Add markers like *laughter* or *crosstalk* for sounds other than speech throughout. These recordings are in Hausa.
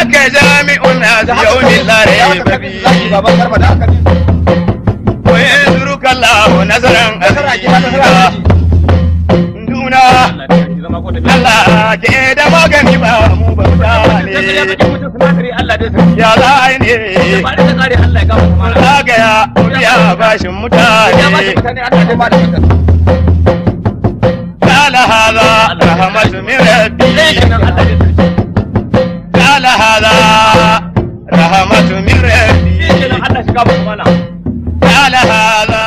aka jami'un yawmin larabi wa yanzuruka Allah nazaran azira duna Allah ke da magani ba mu ba ya za ne zagaya ya bashin mutane قال هذا رحمة من ربي من ربي على هذا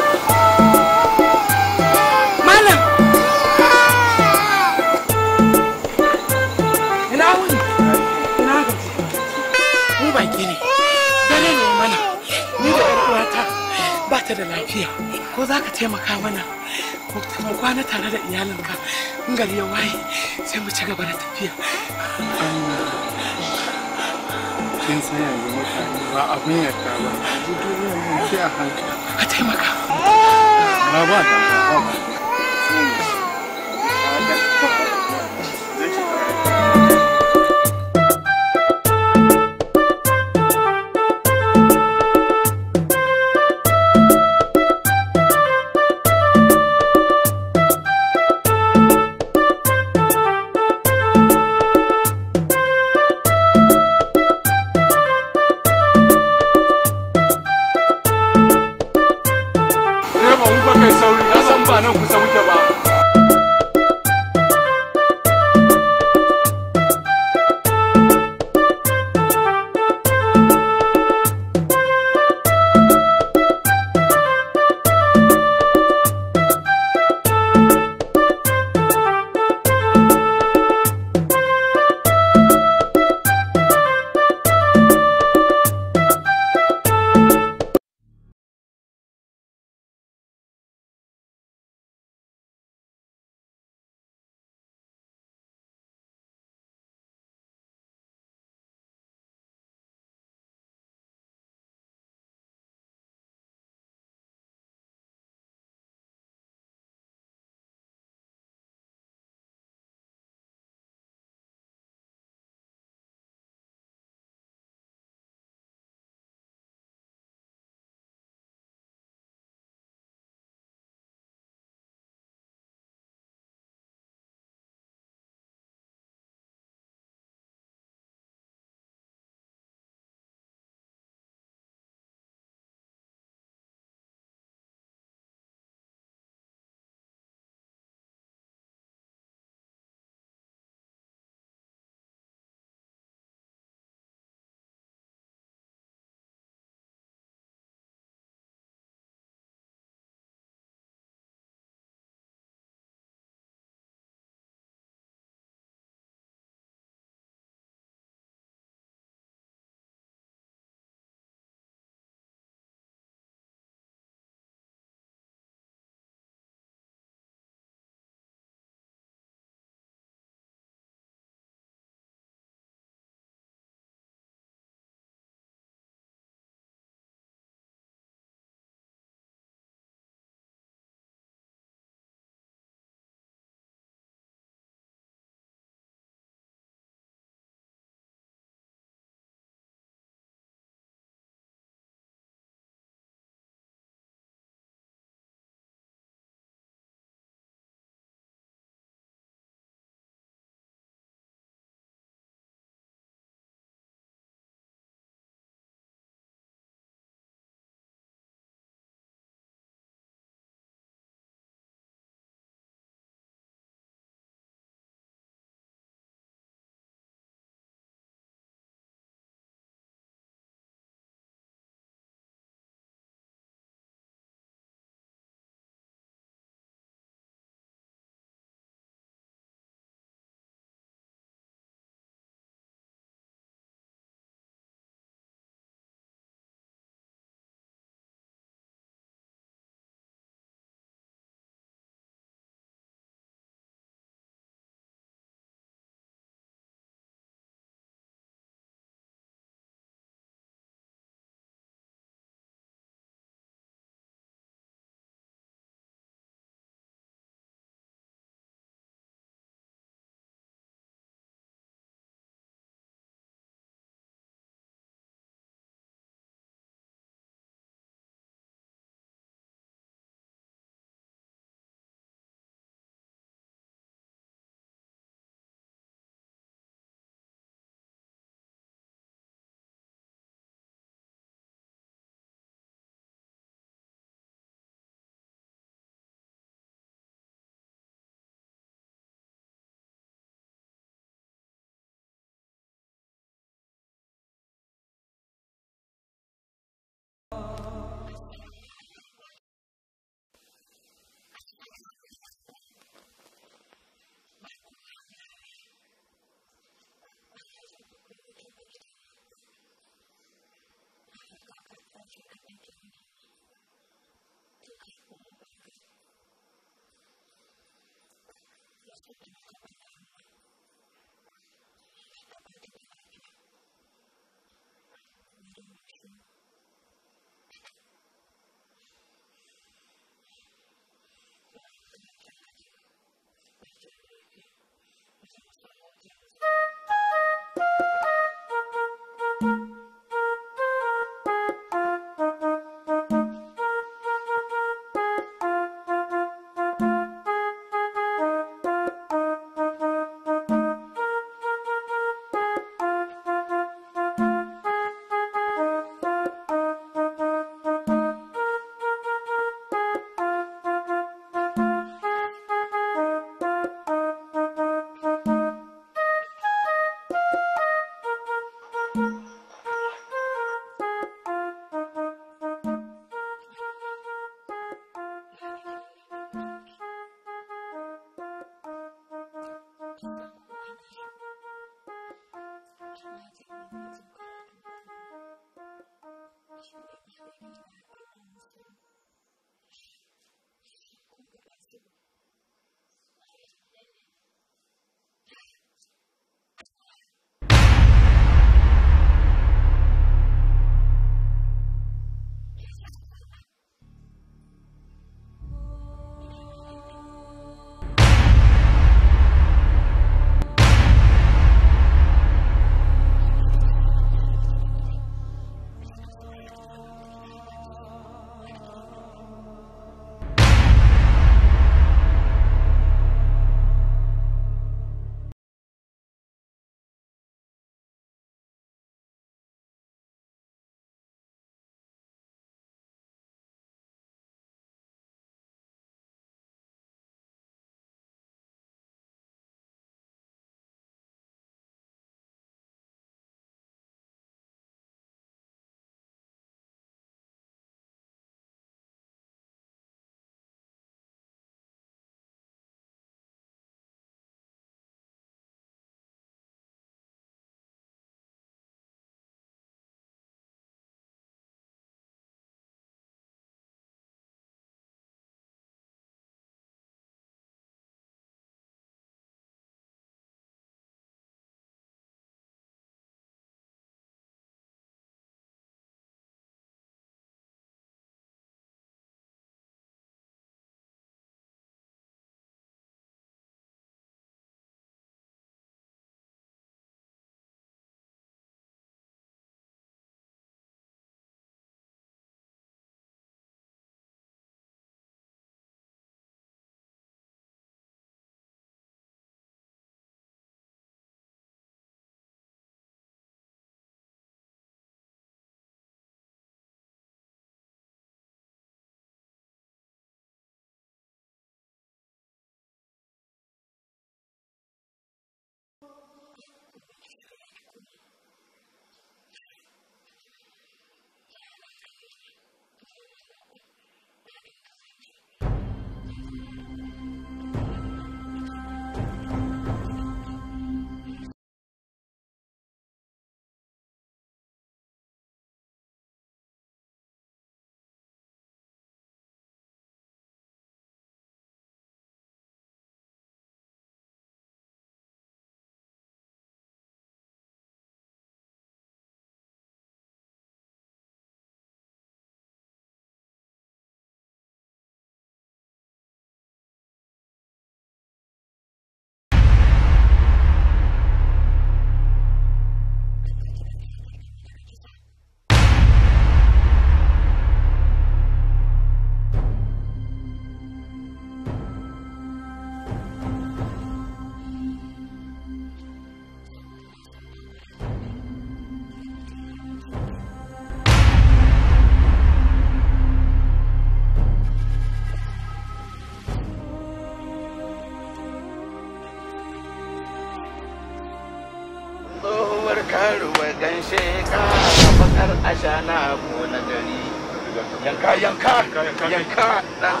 ka ah.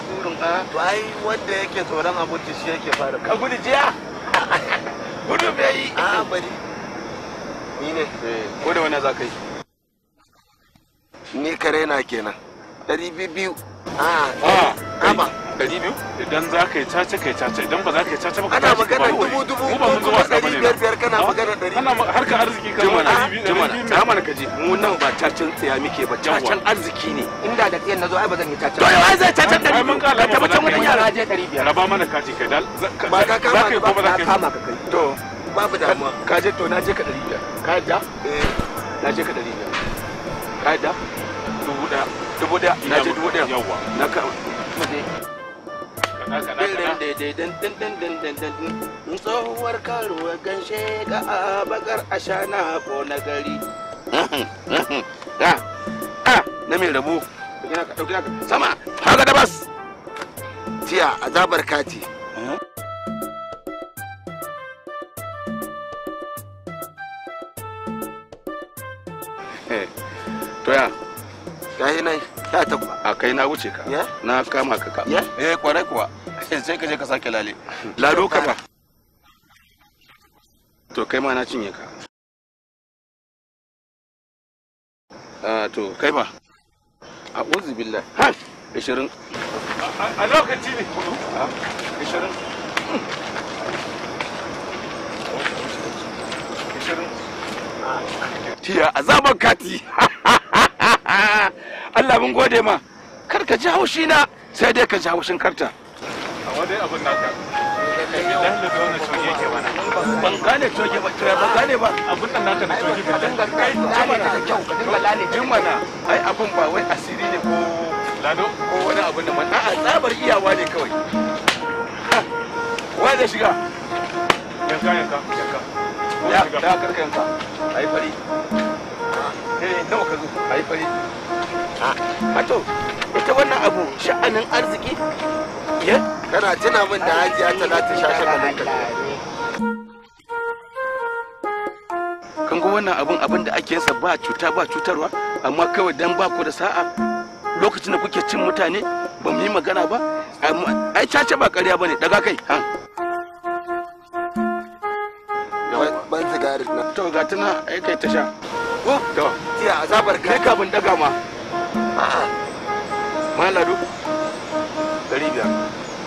wanda yake tsoron abinci shi yake fara ka gudu jiya *laughs* gudu bai yi ah, bari ni ne eh, ko da wani za ka yi ni kare na kenan biyu ah, ɗari biyu idan za ka yi caca ka yi caca idan ba za ka yi caca ba ka tashi ka bari dubu dubu mu ba mun zuwa ne kana magana arziki ka mana jimana jimana ka ji mu nan ba cacan tsaya muke ba cacan arziki ne inda da tsayan nazo ai ba zan yi caca to ai zai caca ɗari biyu ka tabbacin wani yara je dari biyar raba mana kaji kai dal ba ka kama ka kama ka kai to babu damuwa ka je to na je ka dari biyar ka yadda eh. na je ka dari biyar ka yadda dubu ɗaya dubu ɗaya na je dubu ɗaya na ka Dirin tsohuwar karuwa ganshe ga bakar ashana ko na gari. Na mai rabu. Sama, haga da bas. Tiya, azabar kati. To ya? nai. sha takwas a kai na wuce ka na kama ka ka eh kwarai kuwa *laughs* sai ka je ka sake lale *laughs* lado ka ba to kai ma na cinye ka a ah, to kai ma a uzu billah ha 20 a lokaci ne 20 tiya kati *laughs* Ah, Allah mun gode ma kar ka ji haushi na sai dai ka ji haushin karta a wani abin naka ban gane coge ba ban gane ba abin nan naka na coge ba dan kai da kyau ka dinga lale jin mana ai abin ba wai asiri ne ko lado ko wani abin da mana a tsabar iyawa ne kawai wai da shiga yanka yanka yanka ya da karka yanka ai fari Eh, nawa ita wannan abu sha'anin arziki ya kana tuna min da hajiya talata shashaka nan ka kan ga wannan abun abin da ake yinsa ba cuta ba cutarwa amma kawai dan ba ku da sa'a lokacin da kuke cin mutane ba mu yi magana ba ai cace ba ƙarya ba ne daga kai ha ban sigari na to ga tuna ai kai ta sha ko to tiya azabar ka kai kafin daga ma maladu dari biyar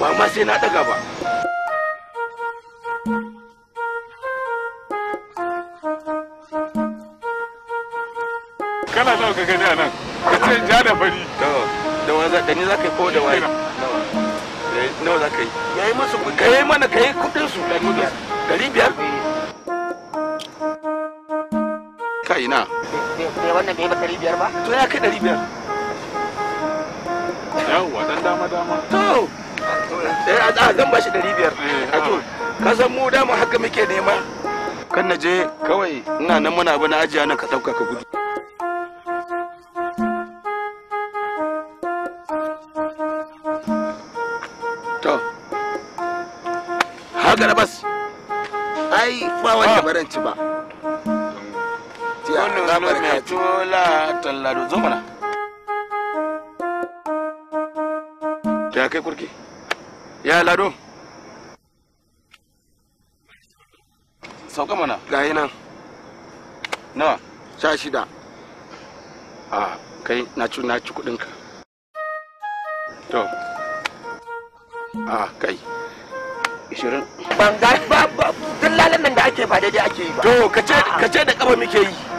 ba ma sai na daga ba kana ka gani anan ka ce ja da fari da wani ni yi ko da wani eh, nawa za ka yi ya yi masu ka yi mana ka yi kudin su dari biyar wannan bai ba ɗari ba to ya yawwa dan dama dama to eh, a zan ɗari biyar eh, a to ka san mu dama haka muke nema kan na je kawai ina nan muna abu na ajiya nan ka ɗauka ka gudu to bas ai ba wanda baranci ah. ba za barkatu la tallado zo mana ya kai kurki ya lado sauka mana gayi nan nawa sha shida a kai na ci na kudinka to a kai ishirin ban ga ba ba duk lalan da ake ba daidai ake yi ba to kace kace da kaba muke yi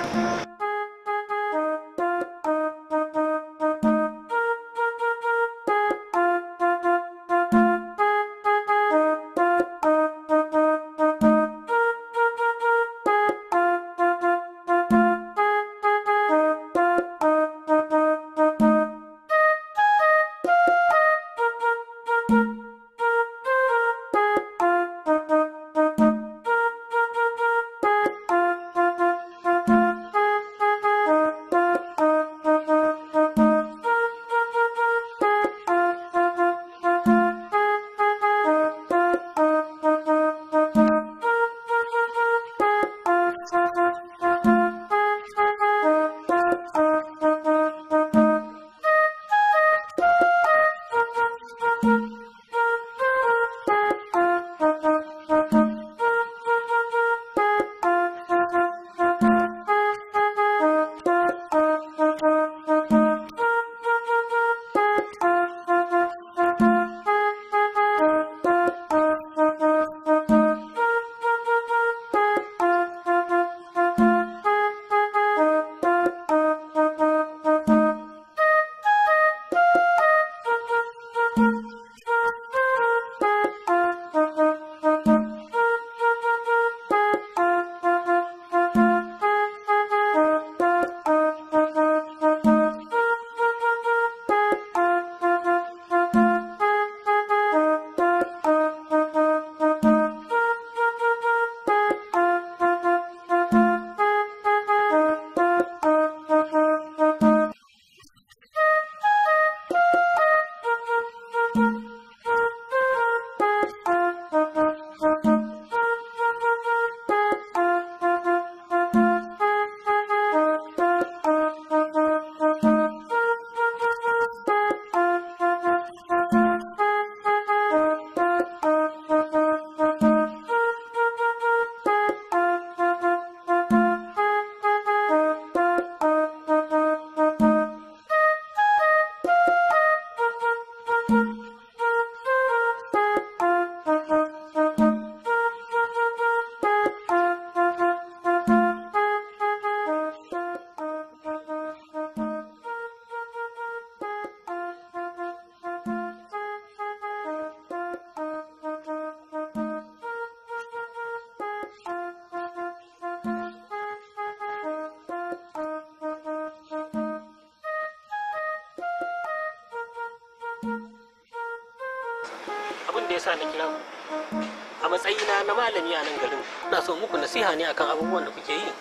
ina so muku nasiha ne akan abubuwan da kuke yi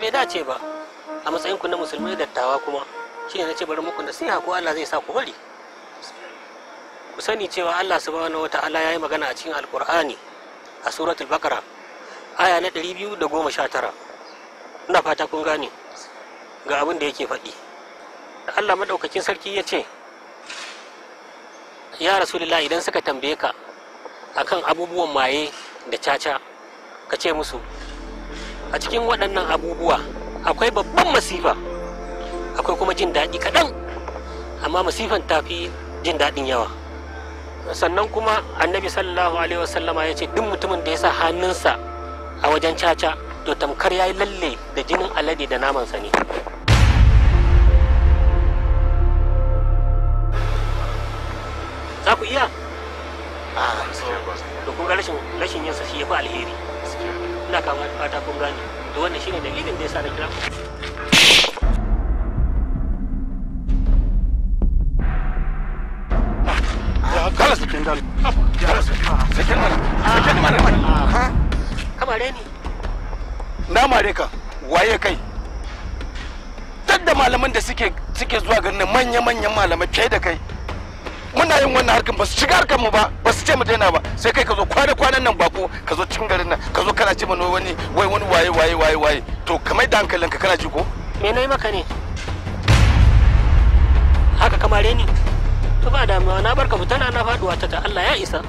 bai dace ba a matsayin ku na musulmai dattawa kuma shine na ce bari muku nasiha ko Allah zai sa ku bari ku sani cewa Allah subhanahu wata'ala ya yi magana a cikin alkur'ani a suratul bakara aya na 219 ina fata kun gane ga abin da yake faɗi Allah madaukakin sarki ya ce ya rasulullah idan suka tambaye ka akan abubuwan maye da caca ka ce musu a cikin waɗannan abubuwa akwai babban masifa akwai kuma jin daɗi kaɗan amma masifan ta fi jin daɗin yawa sannan kuma annabi sallallahu alaihi wasallama ya ce duk mutumin da ya sa hannunsa a wajen caca to tamkar ya yi lalle da jinin alade da namansa ne za ku iya? a ah, kun rashin yinsa shi ya fi alheri ina kama fata kun gane to wannan shine dalilin da yasa na kira ah, kamare ah, ah. na waye kai da malaman da suke zuwa ganin manya-manyan malamai da kai muna yin wannan harkar ba su shiga harkar mu ba ba su ce mu daina ba sai kai ka zo kwana kwanan nan bako ka zo cikin garin nan ka zo kana ce mana wani wai wani waye waye waye waye to kamar da ka kana ji ko me nayi maka ne haka kamare ni to ba na barka fitana na faduwa ta ta Allah ya isa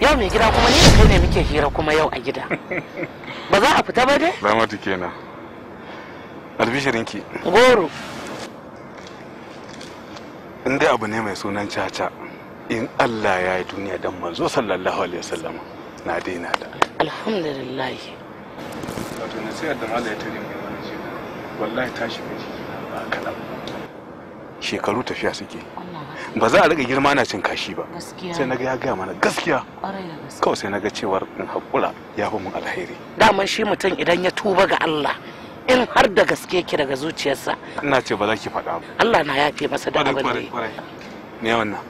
yau mai gida kuma ni da kai ne muke hira kuma yau a gida *laughs* ba za a fita ba dai ramatu kenan albishirinki goro in dai abu ne mai sunan caca in allah ya yi duniya dan manzo sallallahu alaihi wasallam na daina da alhamdulillah wato nasiyar da malaya ta rinke wani wallahi tashi ka jiki ba kalam shekaru tafiya suke ba za a riga girma na cin kashi ba sai na ga ya gaya mana gaskiya kawai sai na ga cewar in haƙura ya fi mun alheri daman shi mutum idan ya tuba ga Allah in har da gaske ki daga zuciyarsa ina ce ba za ki faɗa ba Allah na yafe masa da abin ne ne wannan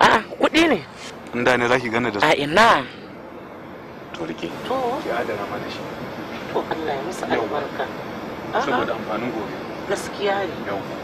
a kuɗi ne da ne za ki gane da su a ina to rike to ki adana mana shi to Allah ya musu albarka saboda amfanin gobe gaskiya ne Yau.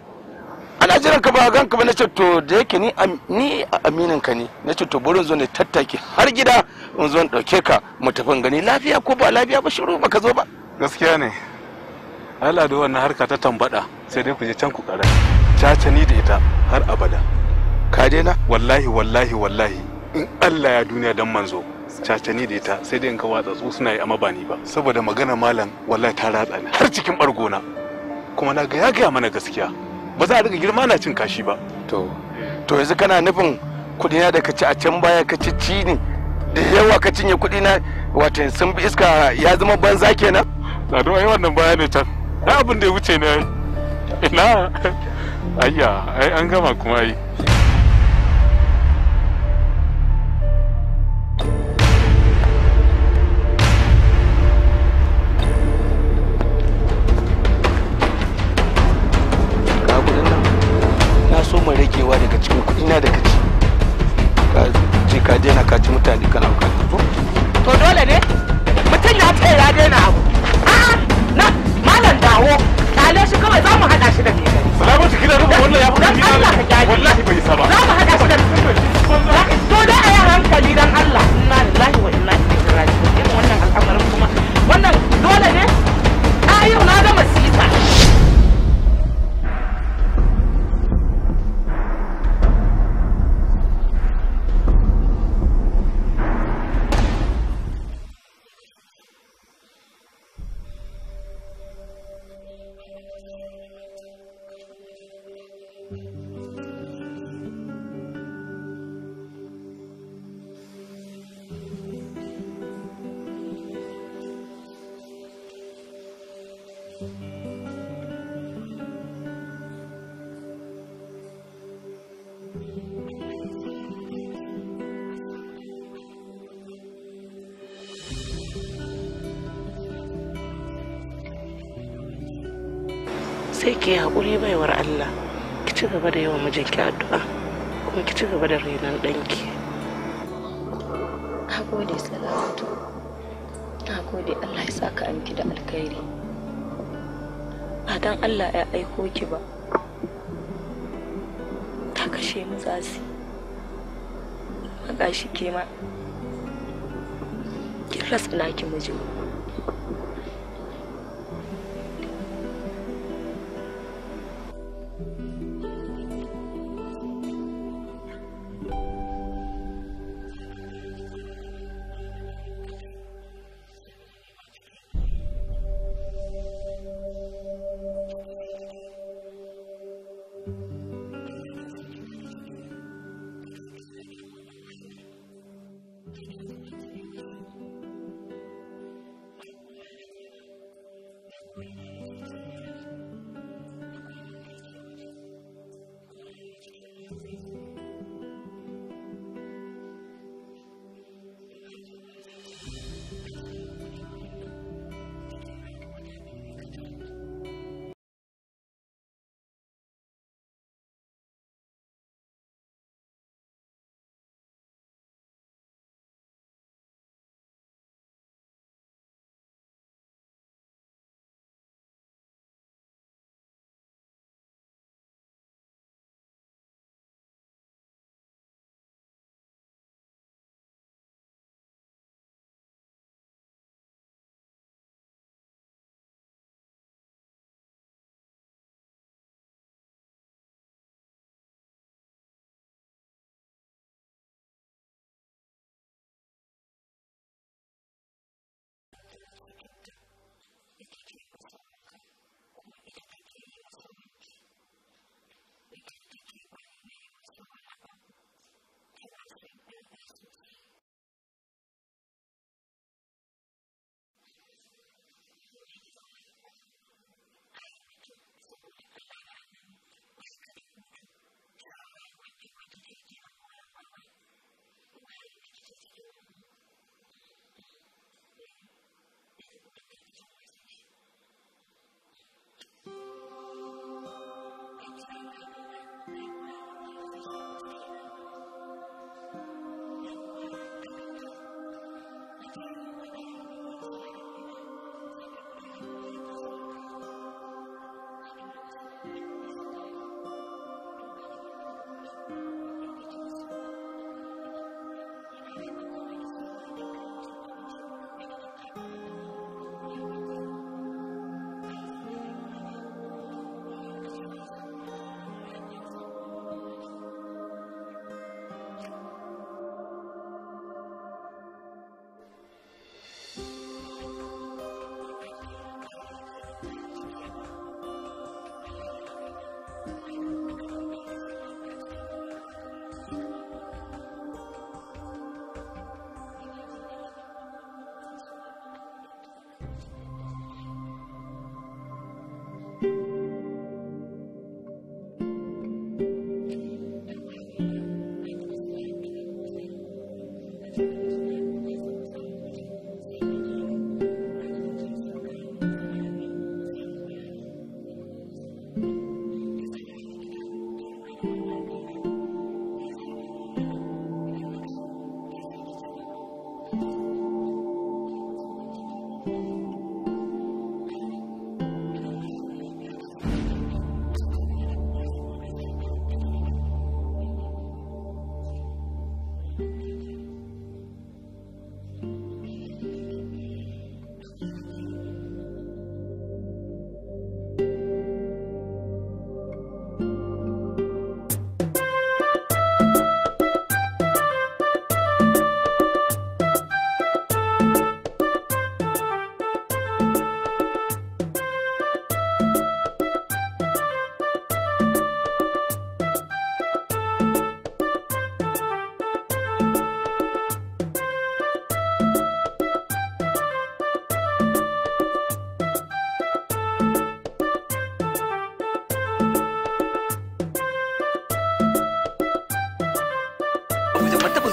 ina jiran ka ba gan ka ba na ce to da yake ni ni aminin ka ne na ce to burin zo ne tattaki har gida in zo in dauke ka mu tafi gani lafiya ko ba lafiya ba shiru baka zo ba gaskiya ne Allah da wannan harka ta tambada sai dai ku je can ku kara caca ni da ita har abada ka daina wallahi wallahi wallahi in Allah ya duniya dan manzo cacani da ita sai dai in ka watsa su suna yi amma ba ba saboda magana malam wallahi ta ratsa ni har cikin bargona kuma na ga ya gaya mana gaskiya ba za a riga girma na cin kashi ba to to yanzu kana nufin na da ka ci a can baya ka ci ci ne da yawa ka cinye na wato sun bi iska ya zama banza kenan tsaro ai wannan baya ne can na abin da ya wuce ne ina ayya ai an gama kuma ai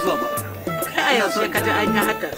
baba. Kai yanzu ka ji an yi haka.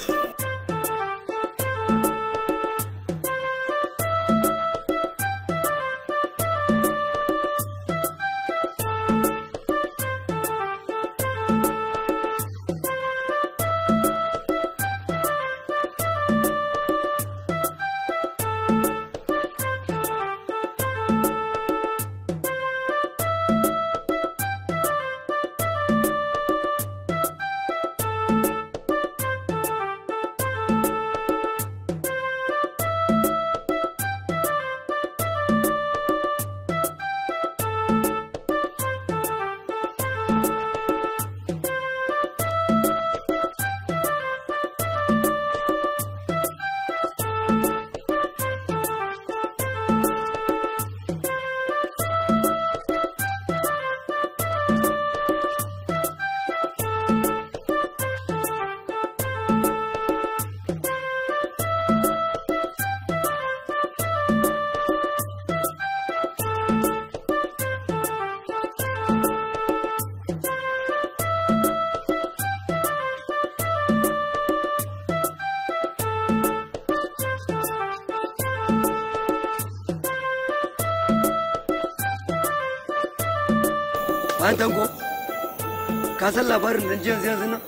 ka san labarin nan jiyan yanzu nan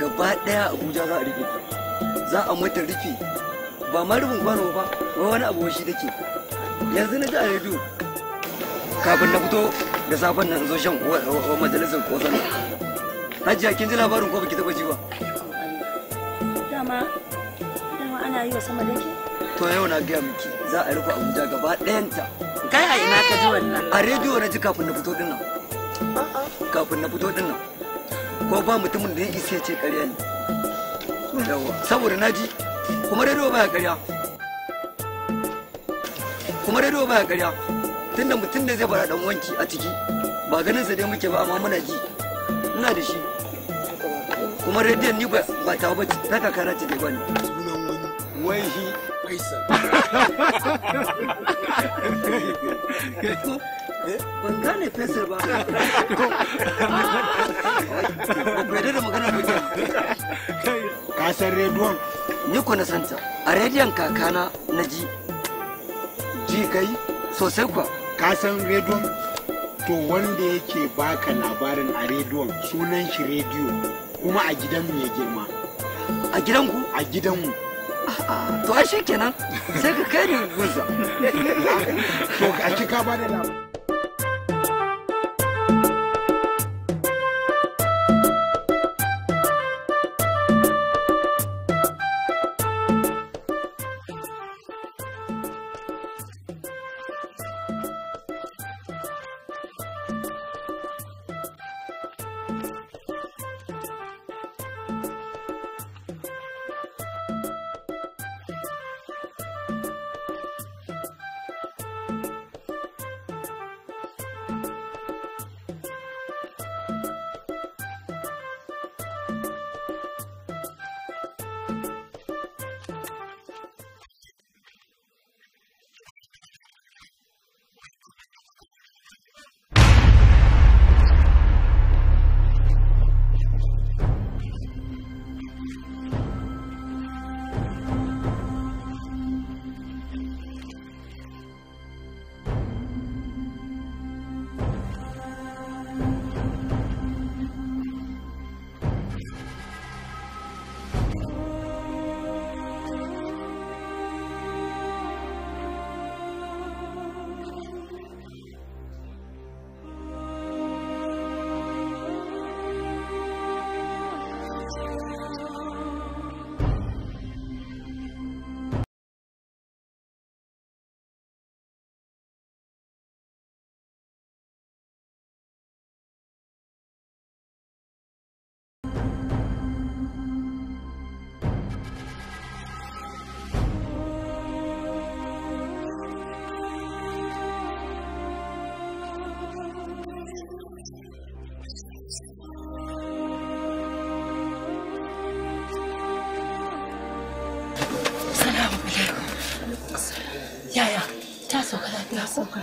gaba daya abuja za a rike za a mata rufe ba ma rufin kwano ba ba wani abu shi take yanzu na ji a rediyo kafin na fito da safen nan zo shan wa majalisar sana hajiya kin ji labarin ko baki taba ji ba dama dama ana yi wa sama dake to yau na gaya miki za a rufe abuja gaba ɗayanta kai a ina ka ji wannan a rediyo na ji kafin na fito nan kafin na fito din nan ko ba mutumin da ya isa ce karya ne saboda na ji kuma rediyo ya karya kuma rediyo baya karya tunda mutum da zai fara dan wanki a ciki ba ganin sa dai muke ba amma muna ji ina da shi kuma rediyon ni ba ta ba ta kakara ce da gwani wai shi kaisa. *laughs* ban gane fesa ba bai da magana mai ka san rediyon ni ku na santa a rediyon kakana na ji ji kai sosai kuwa ka san rediyon to wanda yake baka labarin a rediyon sunan shi rediyo kuma a gidanmu ya girma a gidanku a gidanmu to a ai kenan sai ka kai ni gunsa to a ka ba da labarin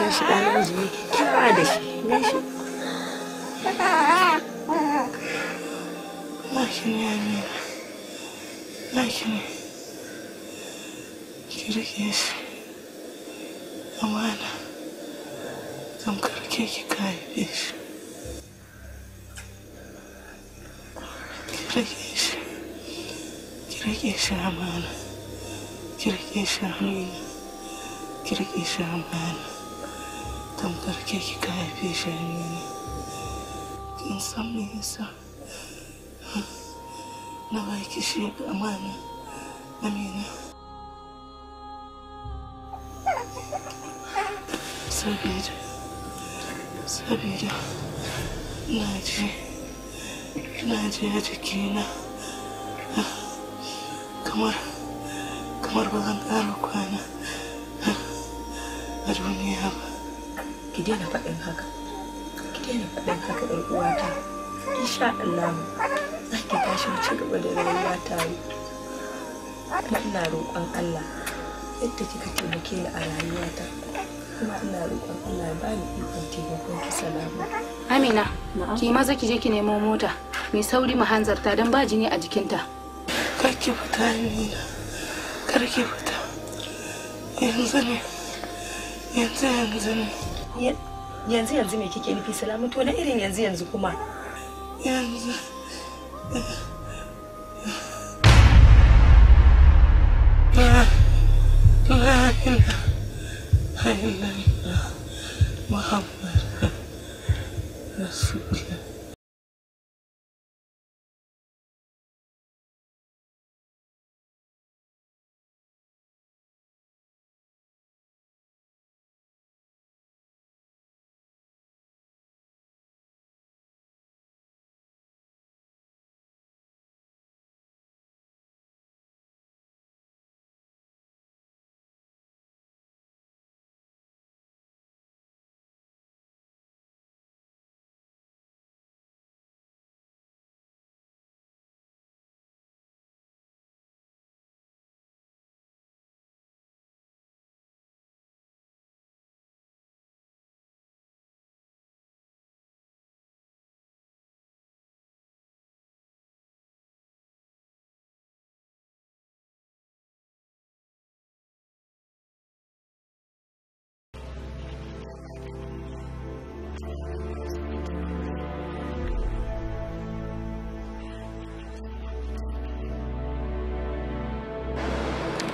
don shi ɗan namiji ne kira da shi ne ne ne ki rike shi amana zan karke ki kayi shi shi amana ki shi amana ki shi amana tamkar ke ka haife shi ne kin san me yasa na baki shi ga amana amina saboda saboda na kamar kamar ba ƙara kwana a duniya ba ki daina faɗin haka ki daina faɗin haka ɗan uwata insha Allah za ki tashi mu ci gaba da rayuwa tare kuma ina roƙon Allah yadda kika taimake ni a rayuwata kuma ina roƙon Allah ya bani ikon taimakon ki salama Amina ki maza ki je ki nemo mota mai sauri mu hanzarta don ba jini a jikinta kar ki fita ni kar ki fita yanzu ne yanzu yanzu ne yanzu yanzu me kike nufi salamu to na irin yanzu yanzu kuma yanzu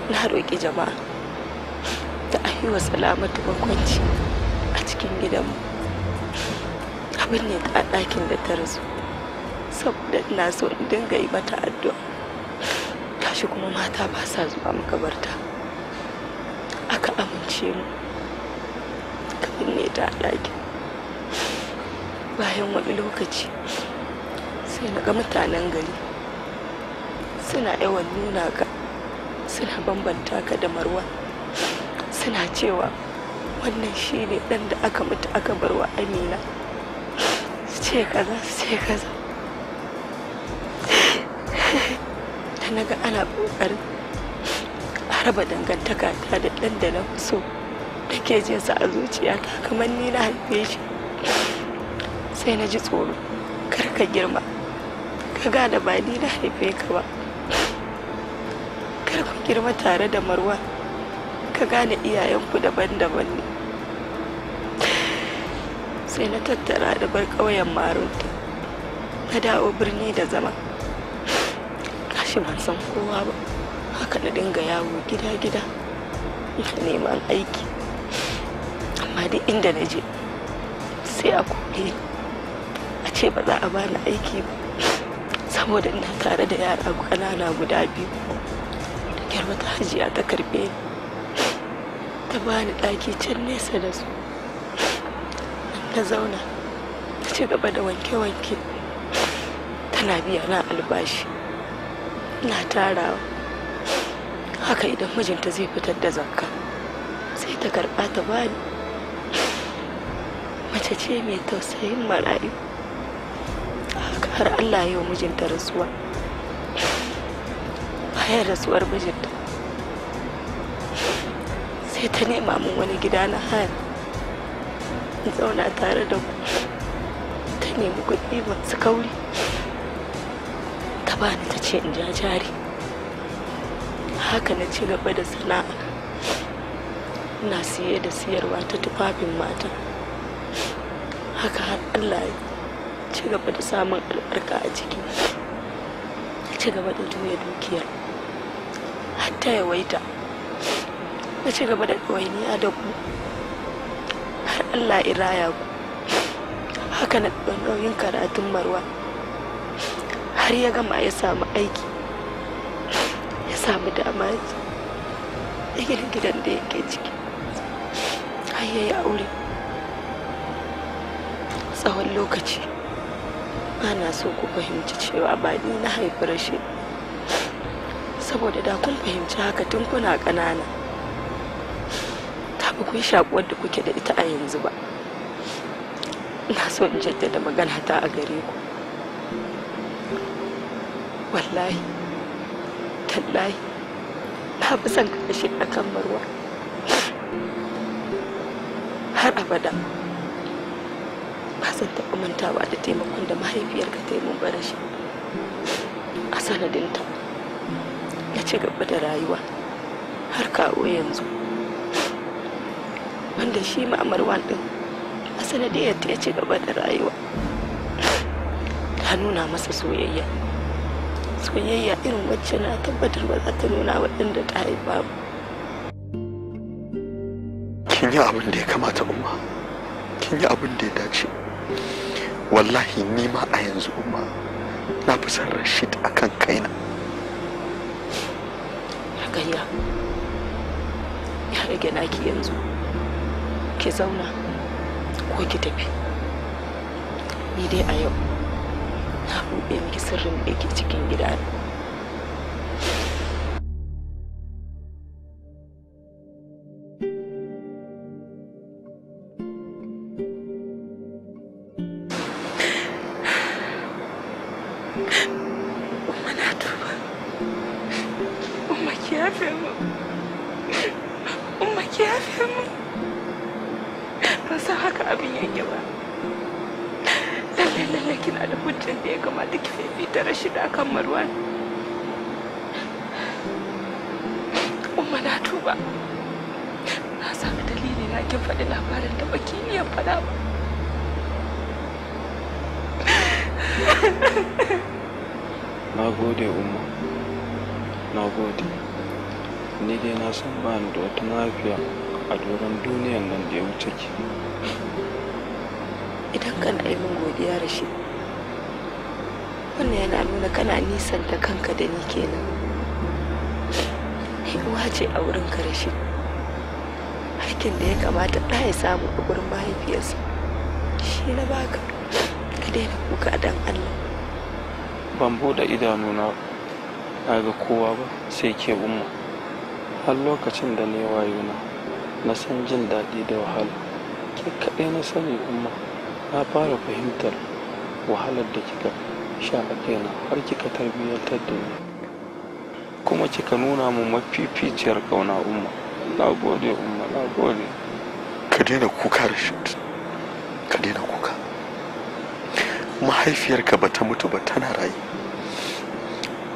na roƙi jama'a da a yi wa salamatu bakwanci a cikin gidanmu abin ne ta ɗakin da ta rasu saboda ina so in dinga yi mata addu'a tashi kuma mata ba sa zuwa makabarta aka amince mu ka binne ta ɗakin bayan wani lokaci sai na ga mutanen gari suna yawan nuna ka suna bambanta ka da marwa suna cewa wannan shi ne ɗan da aka mutu aka barwa amina su ce kaza su ce kaza da naga ana ƙoƙarin harba dangantaka ta da ɗan da na so da ke jinsa a zuciya ta kamar ni na haife shi sai na ji tsoro kar ka girma ka gada ba ni na haife ka ba har ku girma tare da marwa ka gane iyayenku daban-daban ne sai na tattara da bar ƙauyen marunta na dawo birni da zama kashi ban san kowa ba haka na dinga yawo gida-gida na neman aiki amma duk inda na je sai a kore a ce ba za a bani aiki ba saboda ina tare da yara ƙanana guda biyu wata hajiya ta karbe ni ta bani ɗaki can nesa da su ta zauna ta ci gaba da wanke-wanke tana biya na albashi na tarawa haka idan mijinta zai fitar da zakka sai ta karɓa ta bani mace ce mai tausayin marayu har allah yau mijinta rasuwa bayan rasuwar mijin je ta nema min wani gida na haya in zauna tare da ku ta nemi kuɗi masu kauri ta bani ta ce in ja jari haka na ci gaba da sana'a na siye da siyarwa ta tufafin mata haka har allah ya ci gaba da samun albarka a ciki ci gaba da juya dukiyar hatta yawaita ku ci gaba da ɗawainiya da ku har Allah ya raya ku haka na nauyin karatun marwa har ya gama ya samu aiki ya samu dama ya gina gidan da yake ciki har ya yi aure tsawon lokaci ana so ku fahimci cewa ba ni na haifar shi saboda da kun fahimci haka tun kuna ƙanana ba ku yi shakuwar da kuke da ita a yanzu ba na so in jaddada magana ta a gare ku wallahi tallahi na fi son kashe a kan marwa har abada ba zan taɓa mantawa da taimakon da mahaifiyar ka taimun barashi a sanadinta ya ci gaba da rayuwa har kawo yanzu wanda shi ma marwan din a sanadiyar ta ci gaba da rayuwa ta nuna masa soyayya soyayya irin wacce na tabbatar ba za ta nuna waɗanda ta haifa ba kin yi abin da ya kamata umma kin yi abin da ya dace wallahi ni ma a yanzu umma na fi san rashid a kan kaina ya ya rage naki yanzu ki zauna ko ki tafi ni dai a yau na buɗe miki sirrin da ke cikin gidana ce a wurin karshe hakkin da ya kamata ɗa ya samu a wurin mahaifiyarsa shi na baka ka daina kuka dan allah ban buɗe idanu na ga kowa ba sai ke umma har lokacin da ne na na san jin daɗi da wahala ke kaɗai na sani umma na fara fahimtar wahalar da kika sha a kaina har kika tarbiyyantar da ni kuma kika nuna mu mafificiyar kauna umma na gode umma na gode ka daina kuka rashid ka daina kuka mahaifiyarka ba ta mutu ba tana rayu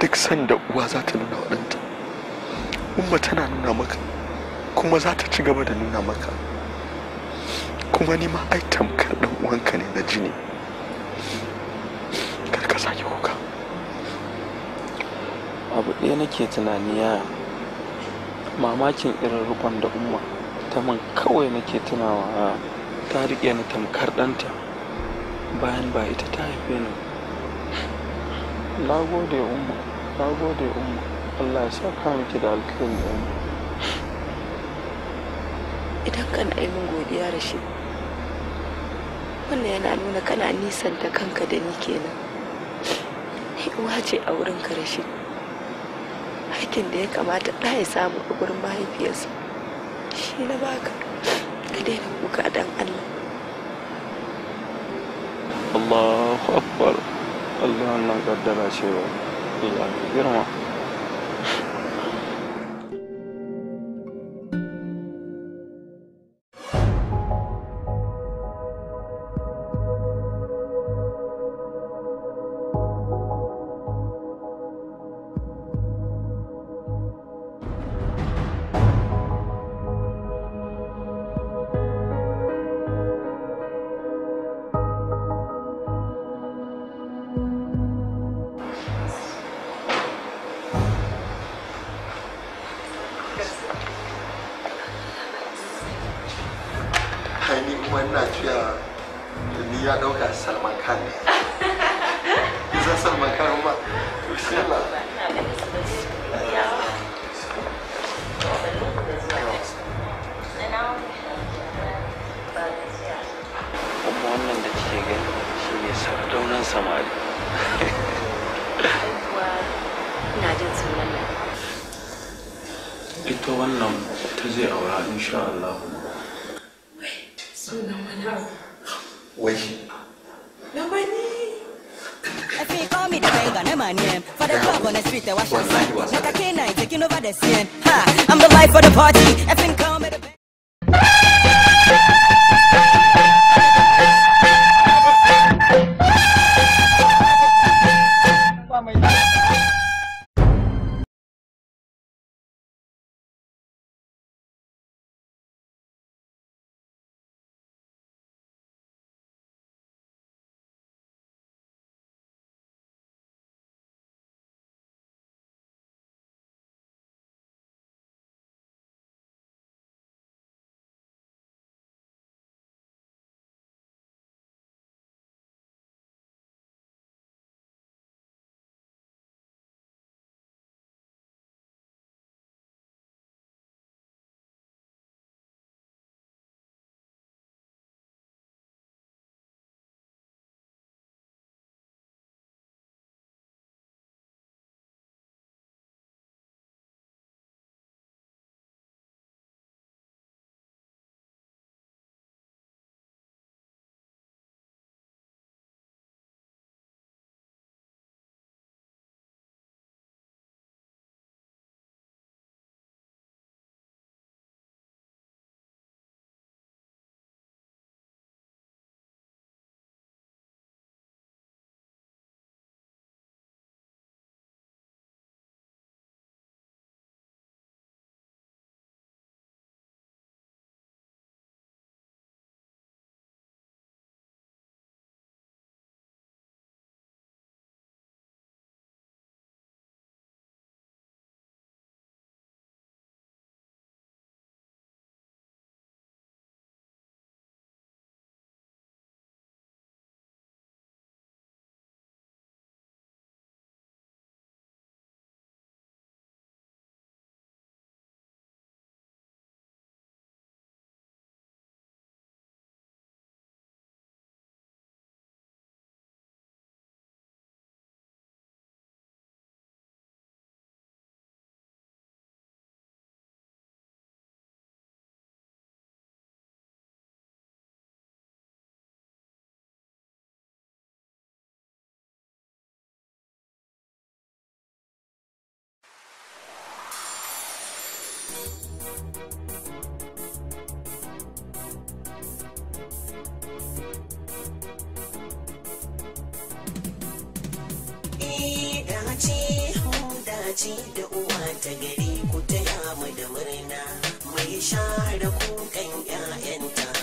duk sanda uwa za ta nuna waɗanta umma tana nuna maka kuma za ta ci gaba da nuna maka kuma ni ma ai tamkar ɗan uwanka ne na jini kar ka sake kuka abu ɗaya nake tunani ya mamakin irin rukon da umma ta man kawai nake tunawa ta riƙe ni tamkar ɗanta bayan ba ita ta haife ni na gode umma na gode umma allah ya ka miki da alkhairi umma idan kana yi min godiya da shi wannan yana nuna kana nisanta kanka da ni kenan uwa ce a wurin shi. hakkin da ya kamata ta ya samu a gurin mahaifiyarsa shi na baka ka daina kuka dan Allah Allahu akbar Allah na kaddara cewa Allah girma ci da uwa ta gari ku taya mai da murna mai share kukan 'ya'yanta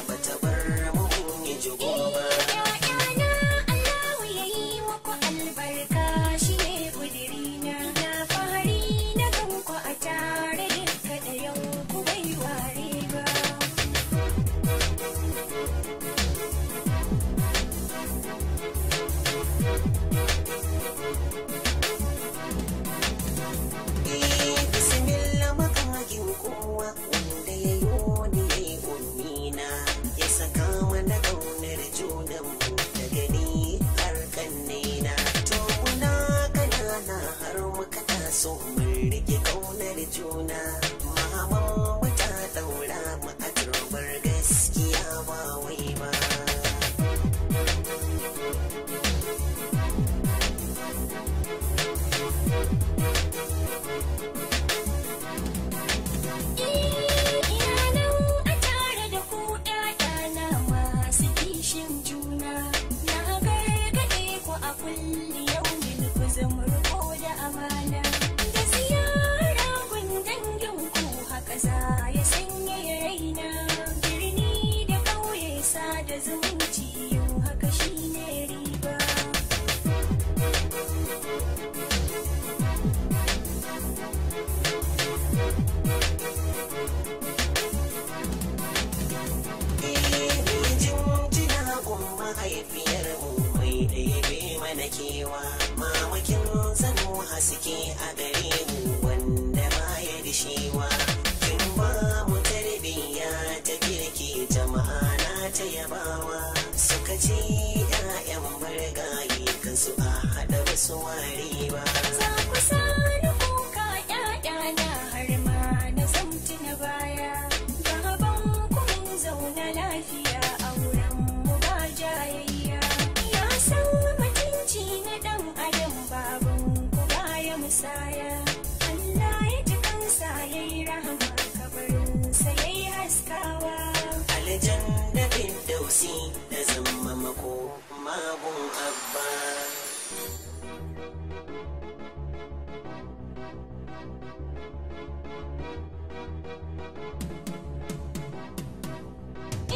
nasi da zama mako magun abba eh,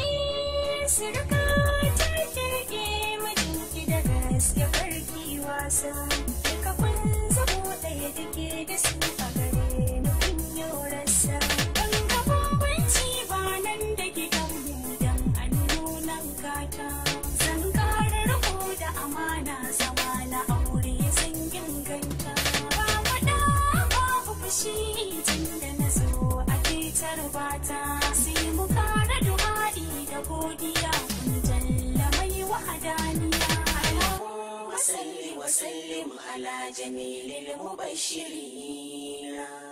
Sirka ta kirge mijinki daga gaske karki wasa, duka kun zabo ɗaya take da su ala jamilil mubashirin